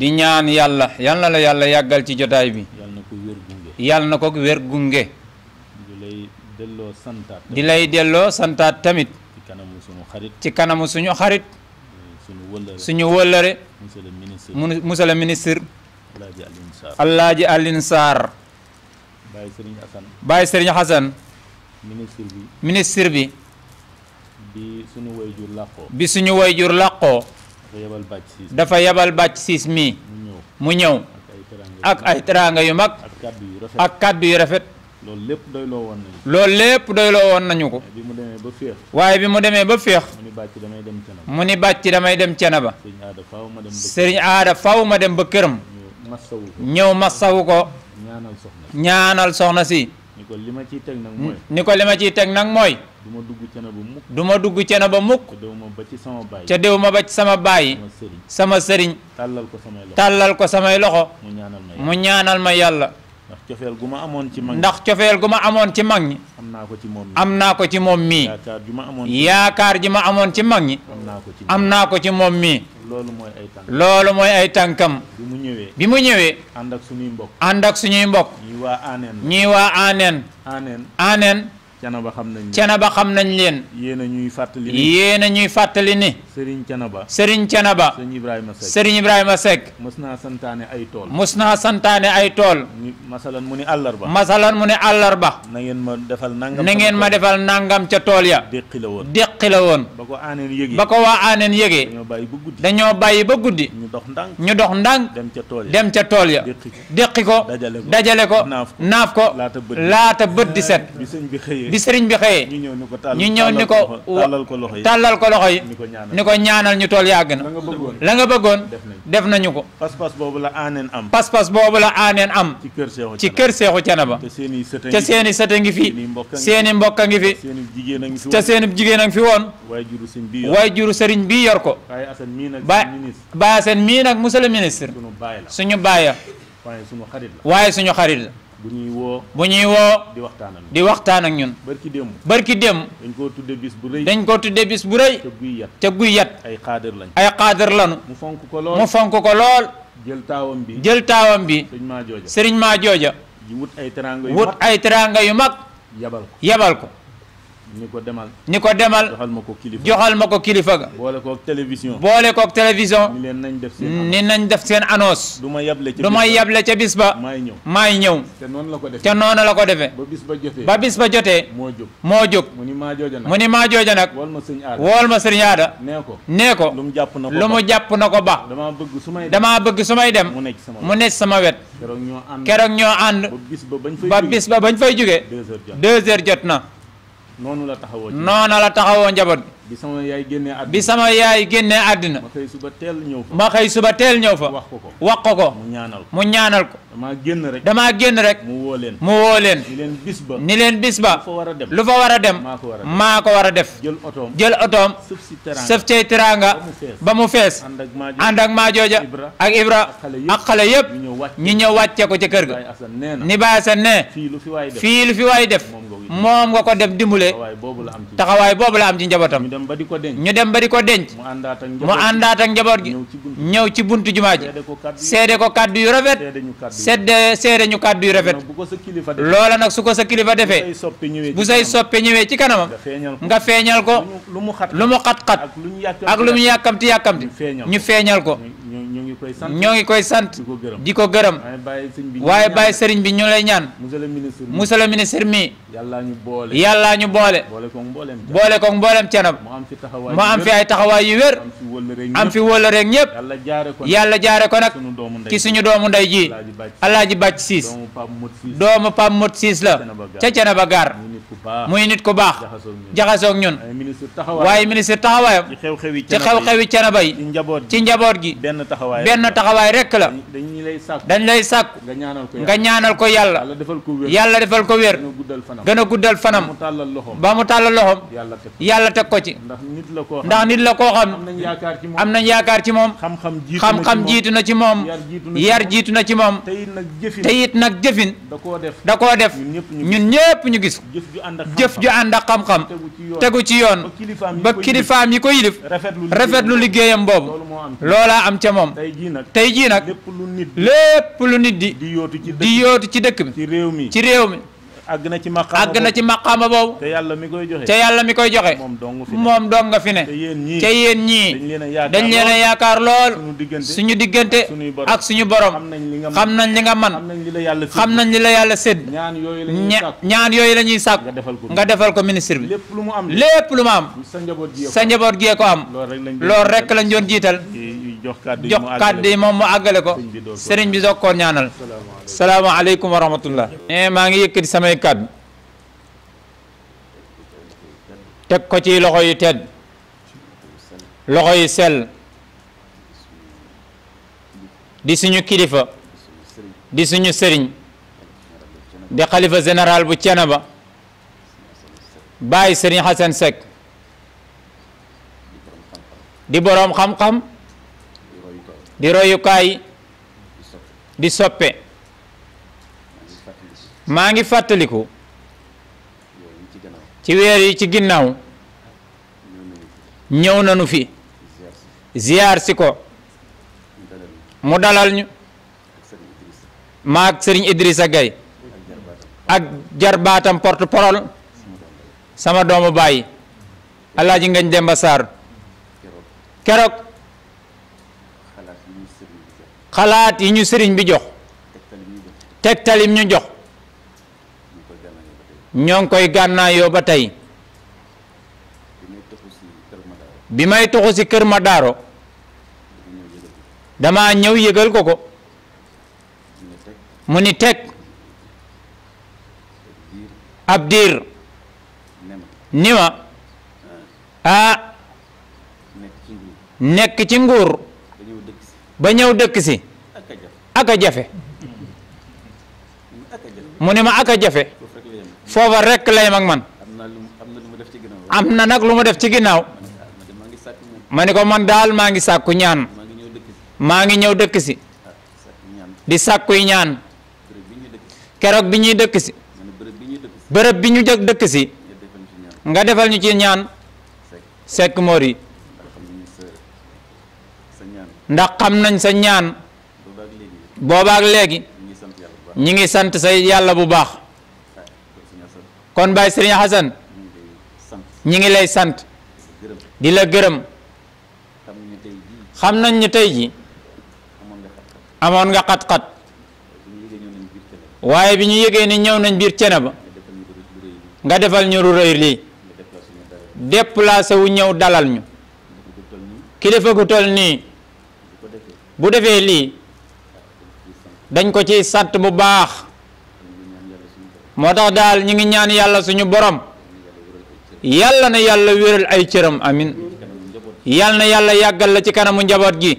di ñaan yàlla yal la yàlla yàggal ci jotaay bi. yal na ko wér gunge. yal wér gunge. di lay delloo santaat. di lay delloo santaat tamit. ci kanamu suñu xarit. ci kanamu suñu xarit. suñu wëllëre suñu wëllëre. monsieur le ministre mu monsieur le ministre. Alaaji Alioune Sarr. Alaaji Alioune Sarr. bi. ministre bi. suñu wayjur làqoo. bi dafa yebal bàcc siis mii mu ñëw ak ay teraanga yu mag ak kàddu yu rafet loolu lépp doyloo woon nañu loolu lépp doyloo woon nañu ko mu demee ba féex waaye bi mu demee ba féex mu ni bàcc damay dem cene ba mu ni bàcc damay dem cene ba sëriñ aada faw ma dem ba këram ñëw massawu ko ñaanal soxna si ni ko li ma ciy teg nag mooy. ni ko li ma ciy teg nag mooy. ma dugg cene ba mukk. du ma dugg cene ba mukk. ca dew ma ba ci sama baay. ca dew ma ba ci sama baay. sama sëriñ. tàllal ko samay loxo tàllal ko samay loxo. mu ñaanal ma yàlla. ndax cofeel gu ma amoon ci mag ndax cofeel gu ma amoon ci mag ñi. am naa ko ci moom am naa ko ci moom mii. yaakaar ji ma amoon yaakaar ji ma amoon ci mag ñi. am naa ko ci am naa ko ci moom mii. loolu mooy ay tànkam loolu mooy ay tànkam. bi mu ñëwee bi mu ñëwee. ànd ak suñuy mbokk ànd ak suñuy mbokk. ñii waa aaneen ñii Canaba xam nañ leen Canaba xam nañ leen. yéen a ñuy fàttali ni yéen a ñuy fàttali ni. Serigne Canaba Serigne Canaba. Serigne Ibrahima Seck Serigne Ibrahima Seck. mos naa santaane ay tool. mos naa santaane ay tool. masalan mu ni àllarba. masalan mu ni àllarba. na ngeen ma defal nangam na ngeen ma defal nangam ca tool ya. déqi la woon déqi la woon. ba ko aaneen yëgee ba ko waa aaneen yëgee. dañoo bàyyi ba guddi dañoo bàyyi ba guddi. ñu dox ndànk ñu dox ndànk. dem ca tool ya dem ca tool ya. déqi ko dajale ko dajale ko naaf ko laata bët di set bi sëriñ bi xëyee ñu ñëw ni ko tàllal ko loxo yi ni ko ñaanal ñu tool yàgg na la nga bëggoon def nañu ko pas-pas boobu la aaneen am pas-pas boobu la aaneen am ci kër seexu canaba te seeni sët a ngi fi seeni mbokk a ngi fi te seeni jigéen a ngi fi woon waaye juru sëriñ bi yor ko ba Baye Assane mii nag monsieur le ministre suñu baay la waaye suñu xarit la bu ñuy woo bu ñuy woo di waxtaan ak di waxtaan ak ñun barki démb barki dañ koo tudde bis bu rëy dañ koo tudde bis bu rëy te guy yat te yat ay xaadir lañ ay xaadir lañu mu fonk ko lool fonk ko lool jël taawam bi jël taawam bi sëriñ maa jooja sëriñ maa jooja wut ay teranga yu mag yabal ko yabal ko ni ko demal. ni ko demal joxal ma ko kilifa joxal ma ko kilifa ga. boole koog télévision. boole koog ni leen nañ def seen annonce ni nañ def seen annonce. du ma yable ca bis ba du ma yable ca ba. maay ñëw maay ñëw. te noonu la ko defee te noonu la ko defee. ba bis ba jotee ba bis ba jotee. moo jóg moo jóg. mu ni maa jooja nag mu ni maa jooja nag. wool ma sëñ aada wool ma sëñ aada. nee ko nee ko. lu mu jàpp na ko ba lu jàpp na ko ba. damaa bëgg su may dem damaa bëgg dem. mu nekk sama wet sama wet. keroog ñoo ànd keroog ñoo ànd. ba bis bañ fay jógee deux heures jot na noonu la taxawoo noona la taxawoo njaboot bi sama yaay génne àddina bi sama yaay génnee àddina ma xëy suba teel ñëw fa ma xëy suba teel ñëw fa wax ko ko wax ko ko mu ñaanal ko mu ñaanal ko damaa génn rek damaa génn rek mu woo leen mu leen ni leen bis ba ni leen bis ba lu fa war a dem lu fa war a maa ko war a def jël otoom jël otoom sëf cay teraanga ba mu fees ànd ak maa jooja ak ibra ak xale yëpp ñi ñëw wàcce ko ca kër ga ni bàyyi ne fii lu fi waay def moom nga ko dem dimbale taxawaay boobu la am ci njabootam ñu dem ba di ko denc mu àndaat ak njaboot gi ñëw ci bunt jumaa ji seede ko kàddu yu rafet seede seede ñu kàddu yu rafet loola nag su ko sa kilifa defee bu say soppee ñëwee ci kanamam nga feeñal ko lu mu xat-xat ak lu mu yàkkamti yàkkamti ñu feeñal ko ñoo ngi koy sant di ko gërëm waaye bàyyi sëriñ bi ñu lay ñaan monsieur le ministre mi yàllaa ñu boole boole ko mboolem canab mu am fi ay taxawaay yu wér am fi wóla rek ñëpp yàlla jaare ko nag ci suñu doomu ndey ji alaaji bàcc siis doomu pam siis la ca canaba gaar muy nit ku baax jaxasoog ñun waaye ministre taxawaayam ci xew-xewi canaba yi ci njaboot gi benn taxawaay rekk la dañ lay sàkku nga ñaanal ko yàlla yàlla defal ko wér gën a guddal fanam ba mu tàllal loxoom yàlla teg ko ci ndax nit la ko xam am nañ yaakaar ci moom xam-xam jiitu na ci moom yar jiitu na ci moom te it nag jëfin da koo def ñun ñépp ñu gis jëf ju ànd ak xam-xam tegu ci yoon ba kilifaam yi ko yilif rafetlu liggéeyam boobu loola am ca moom tey jii nag lépp lu nit di di yootu ci dëkk mi ci réew mi àgg na ci maqaama àgg na ci maqaama boobu. te yàlla mi koy joxe te yàlla mi koy joxe. moom dong fi ne moom dong nga fi ne. te yéen ñii te yéen ñii. dañ leen a yaakaar lool suñu diggante ak suñu borom. xam nañ li nga man xam nañ li la yàlla sédd. ñaan yooyu la ñuy sàkk nga defal ko ministre bi. lépp lu mu am sa njaboot gee ko am. loolu rek lañ doon jiital. Eh. jox kàddu yi moom mu àggale ko sëriñ bi dokkoor ñaanal aleykum wa rahmatullah maa ngi yëkk di samay kàddu teg ko ci loxo yu tedd loxo yu sell di suñu kilifa di suñu sëriñ di xalifa général bu Thiénaba bàyyi sëriñ Xasan Seck di boroom xam-xam di royukaay di soppe maa ngi fàttaliku ci weer yi ci ginnaaw ñëw nañu fi ziyaar si ko mu dalal ñu maag sëriñ Idrissa Gay ak jarbaatam porte sama doomu bàyyi alaaji ngañ demba saar keroog xalaat yi ñu sëriñ bi jox tegtalim ñu jox ñoo ngi koy gànnaayoo ba tey bi may toxu ci kër ma daaro dama ñëw yëgal ko ko mu ni teg ab diir ni ma ah nekk ci nguur ba ñëw dëkk si aka jafe mu ne ma aka jafe foofa rekk lay mag man am na nag lu mu def ci ginnaaw ma ne ko man daal maa ngi sàkku ñaan maa ngi ñëw dëkk si di sàkkuy ñaan keroog bi ñuy dëkk si bërëb bi ñu dëkk si nga defal ñu ci ñaan sekk moor yi ndax xam nañ sa ñaan boobaak léegi ñi ngi sant say yàlla bu baax kon Baye Serigne Hassan ñi ngi lay sant di la gërëm xam nañ ñu tey ji amoon nga xat-xat waaye bi ñu yëgee ni ñëw nañ biir cene ba nga defal ñu lu rëy dépp déplacé wu ñëw dalal ñu ki dafa ko nii bu defee lii dañ ko ciy sant bu baax moo tax daal ñu ngi ñaan yàlla suñu borom yàlla na yàlla wéral ay cëram amin yàlla na yàlla yàggal la ci kanamu njaboot gi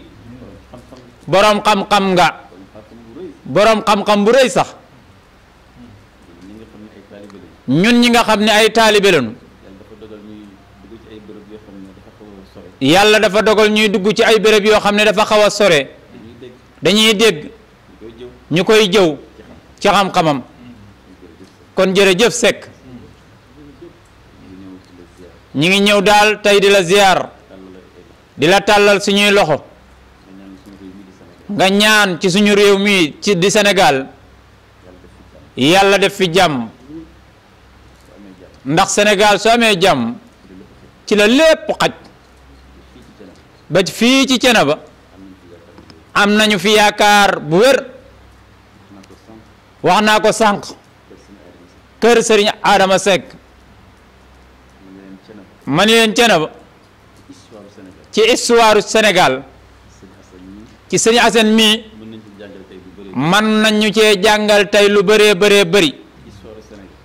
boroom xam-xam nga boroom xam-xam bu rëy sax ñun ñi nga xam ne ay taalibe lañu yàlla dafa dogal ñuy dugg ci ay béréb yoo xam ne dafa xaw a sore dañuy dégg ñu koy jëw ci xam-xamam kon jërëjëf Seck ñu ngi ñëw daal tey di la ziar di la tàllal suñuy loxo nga ñaan ci suñu réew mi ci di Sénégal yàlla def fi jàmm ndax Sénégal su amee jàmm ci la lépp xaj ba fii ci Thiénaba am nañu fi yaakaar bu wér wax naa ko sànq kër sëriñ Adama Seck ma ni leen Thiénaba ci histoire Sénégal ci sëriñ mii mën nañu cee jàngal tey lu bëree bëree bëri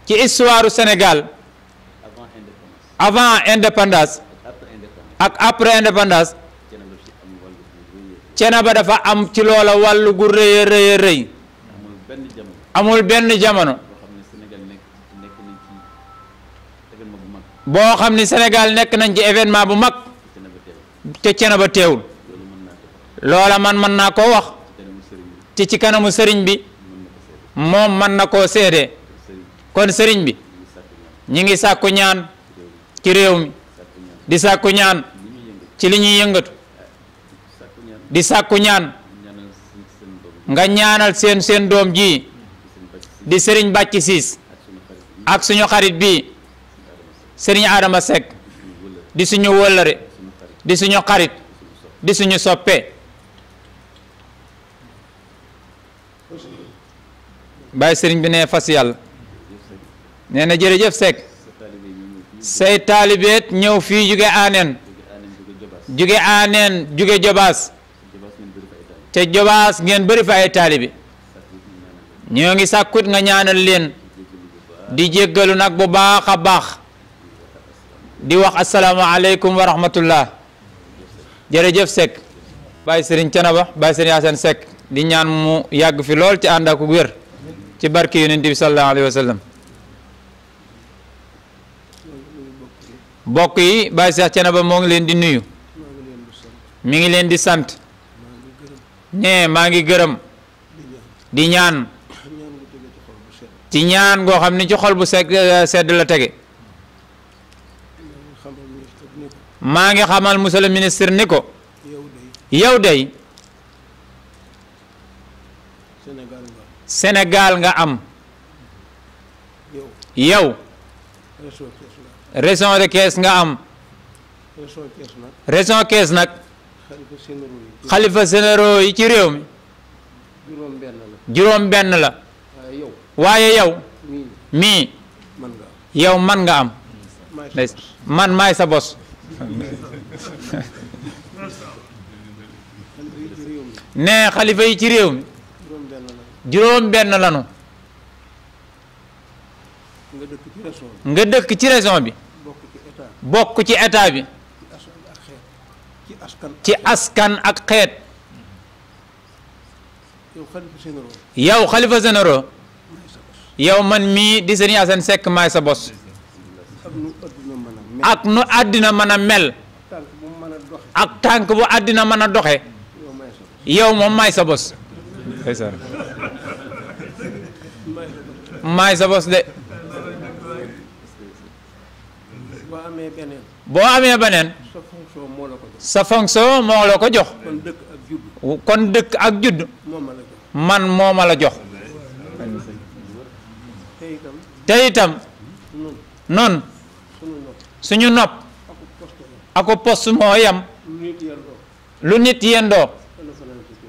ci histoire Sénégal avant indépendance ak après indépendance Cenaba dafa am ci loola wàllu gu rëy a rëy amul benn jamono boo xam ni Sénégal nekk nañ ci événement bu mag te Cenaba teewul loola man mën naa koo wax te ci kanamu sëriñ bi moom mën na koo seede kon sëriñ bi ñi ngi sàkku ñaan ci réew mi di sàkku ñaan ci li ñuy yëngatu di sàkku ñaan nga ñaanal seen seen doom ji di sëriñ bàcci siis ak suñu xarit bi sëriñ Adama Seck di suñu wëllëre di suñu xarit di suñu soppe bàyyi sëriñ bi ne fas yàlla nee na jërëjëf Seck say taalibeet ñëw fii jóge aaneen jóge aaneen jóge jobaas te jobaas ngeen bari fa ay bi ñoo ngi sàkkut nga ñaanal leen di jéggalu nag bu baax a baax di wax asalaamaaleykum wa rahmatullah jërëjëf Seck Baye Serigne Thiénaba Baye Serigne Yacine Seck di ñaan mu yàgg fi lool ci ànd ak wér ci barki yonent bi sallallahu alayhi wa bokk yi Baye Serigne Thiénaba moo ngi leen di nuyu mi ngi leen di sant nee maa ngi gërëm di ñaan ci ñaan goo xam ne ci xol bu eh, sedd la tege maa ngi xamal monsieur le ministre ni ko yow day Sénégal nga am yow région de Thiès nga am région Thiès nag xalifa généraux yi ci réew mi juróom benn la waaye yow mii yow man nga am man maay sa bos ne xalifa yi ci réew mi juróom benn lanu nga dëkk ci région bi bokk ci état bi ci askan ak xeet yow xalifa généraux yow man mii di Serigne Assane Seck maay bos ak nu àddina mën a mel ak tànk bu àddina mën a doxe yow moom maay bos maay bos de boo amee beneen sa fonction moo la ko jox kon dëkk ak judd man moo ma la jox te itam noonu suñu nopp ako post moo yam lu nit yendoo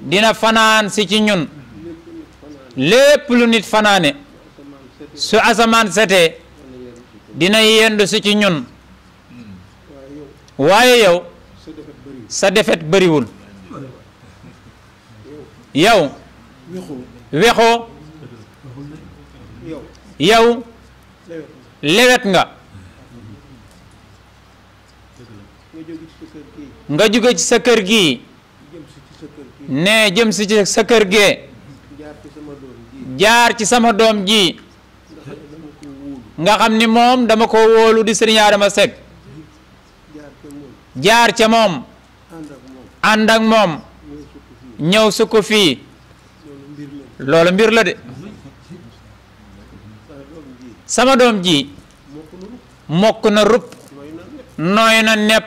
dina fanaan si ci ñun lépp lu nit fanaane su asamaan setee dina yendu si ci ñun waaye yow sa defet bariwul yow wexoo yow lewet nga nga jóge ci sa kër gi ne jëm si sa kër gee jaar ci sama doom ji nga xam ni moom dama ko wóolu di Sëriñ Adama Seck jaar ca moom ànd ak moom ñëw su ko fii loolu mbir la de sama doom ji mokk na rupp nooy na nepp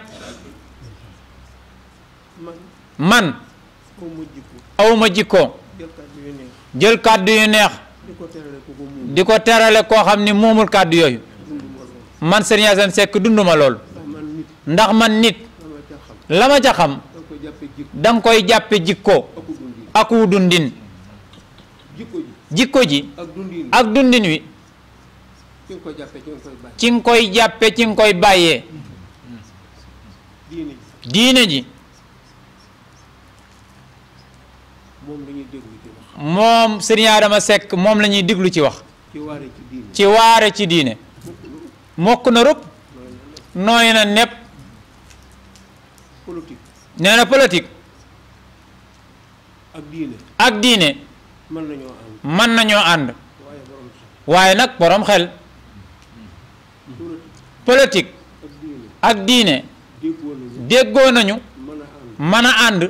man awma jikko jël kàddu yu neex di ko terale koo xam ni moomul kàddu yooyu man Serigne sekk Seck ma loolu ndax man nit la ma ca xam da koy jàppe jikko ak wu dundin jikko ji ak dundin wi ci nga koy jàppe ci nga koy bàyyee diine ji moom Sëriñ Adama Seck moom lañuy ñuy diglu ci wax ci waare ci diine mokk na rëpp nooy na nepp politique. nee na politique. ak diine. ak diine. mën nañoo ànd. waaye nag borom xel. politique. ak diine. déggoo nañu. mën a ànd.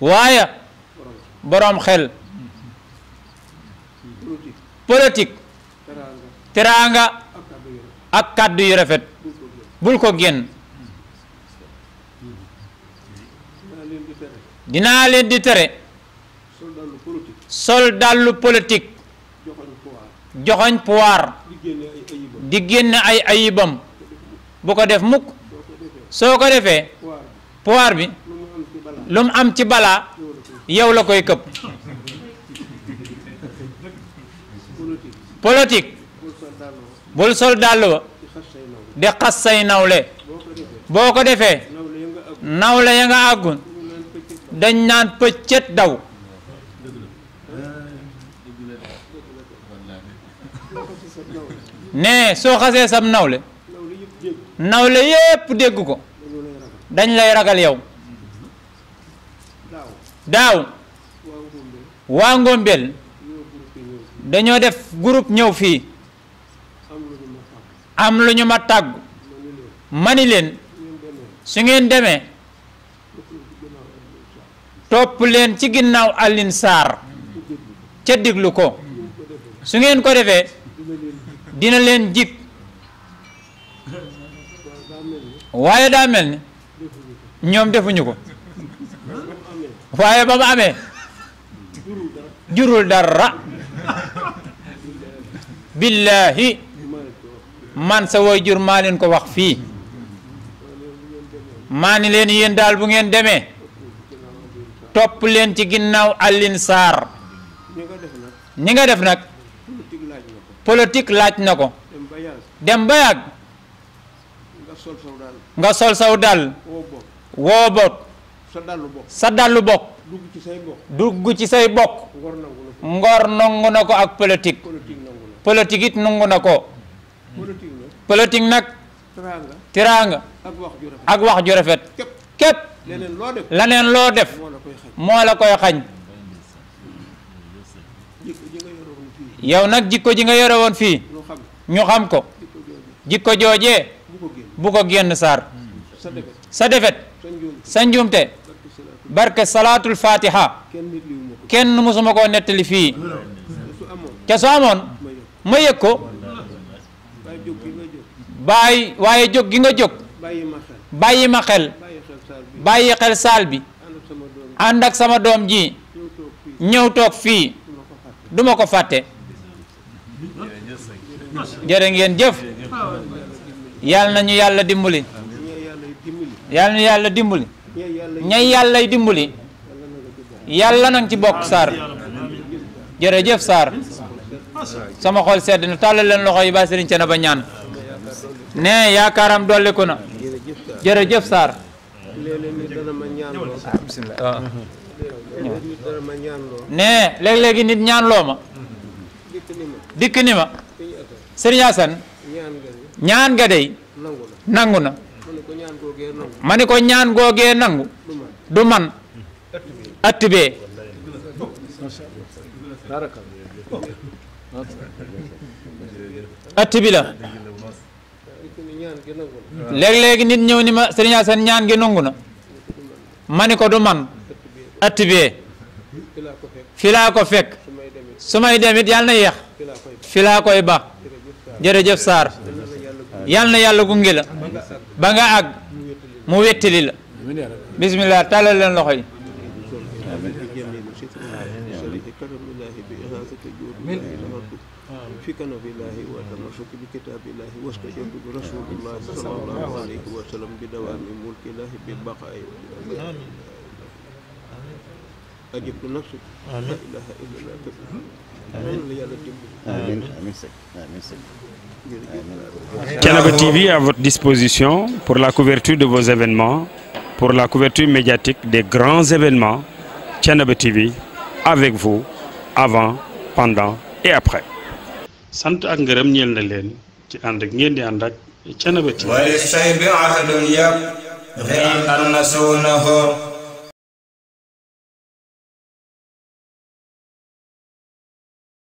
waaye. borom xel. politique. teraanga. ak kàddu yu rafet. bul ko génn. dinaa leen di tere sol dàllu politique joxoñ pouvoir di génn ay ayibam bu ko def mukk soo ko defee pouvoir bi lu mu am ci balaa yow la koy këpp politique bul sol dàll wa di xas say nawle boo ko defee nawle ya nga àggun dañ naan pëccet daw ne soo xasee sam nawle nawle yépp dégg ko dañ lay ragal yow daaw waa Ngombel dañoo def groupe ñëw fii am lu ñu ma tàggu mani leen su ngeen demee topp leen ci ginnaaw Alioune saar ca déglu ko su ngeen ko defee dina leen jig waaye daa ni ñoom defuñu ko waaye ba mu amee jurul dara billahi man sa woy jur maa ko wax fii maa ni leen yéen daal bu ngeen demee topp leen ci ginnaaw Alioune Sarr ni nga def nag politique laaj na ko dem ba nga sol saw dal woo bot sa dallu bokk dugg ci say bokk ngor nangu na ko ak politique politique it nangu na ko politique nag tiraanga ak wax ju rafet képp leneen loo def moo la koy xañ yow nag jikko ji nga yore woon fii ñu xam ko jikko joojee bu ko génn saar sa defet sa njuumte barke salaatul fatiha kenn musuma koo nettali fii ca su amoon ma yëg ko bàyyi waaye jóg gi nga jóg bàyyi ma xel bàyyi xel saal bi ànd ak sama doom ji ñëw toog fii duma ko fàtte jërë ngeen jëf yal na ñu yàlla dimbali yal yàlla dimbali ñay yàllay dimbali yàlla nang ci bokk Sarr jërëjëf Sarr sama xol sedd na tàllal leen loxo yi ba sëriñ ca na ba ñaan ne yaakaaram dolliku na jërëjëf saar léeg-léeg nit dana ah, ah. nit ñaan loo dikk ni ma. dikk ni ñaan nga de. nangu na nangu ma ni ko ñaan googee nangu. du man. at bee. at bi léeg-léegi nit ñëw ni ma sëriñ Asan ñaan gi nangu na ma ni ko du man ëtt bee ko fekk su may demit yàlla na yeex fi laa koy ba jërëjëf Sarr yàlla na yàlla gunge la ba nga àgg mu wettali la bismillah tàllal loxo yi mustajaabu rasulullah TV à votre disposition pour la couverture de vos événements pour la couverture médiatique des grands événements Thiénaba TV avec vous avant pendant et après ci ànd ak ngeen di ànd ak canaba ti wali say bi ahadun yab xëy an nasuunahu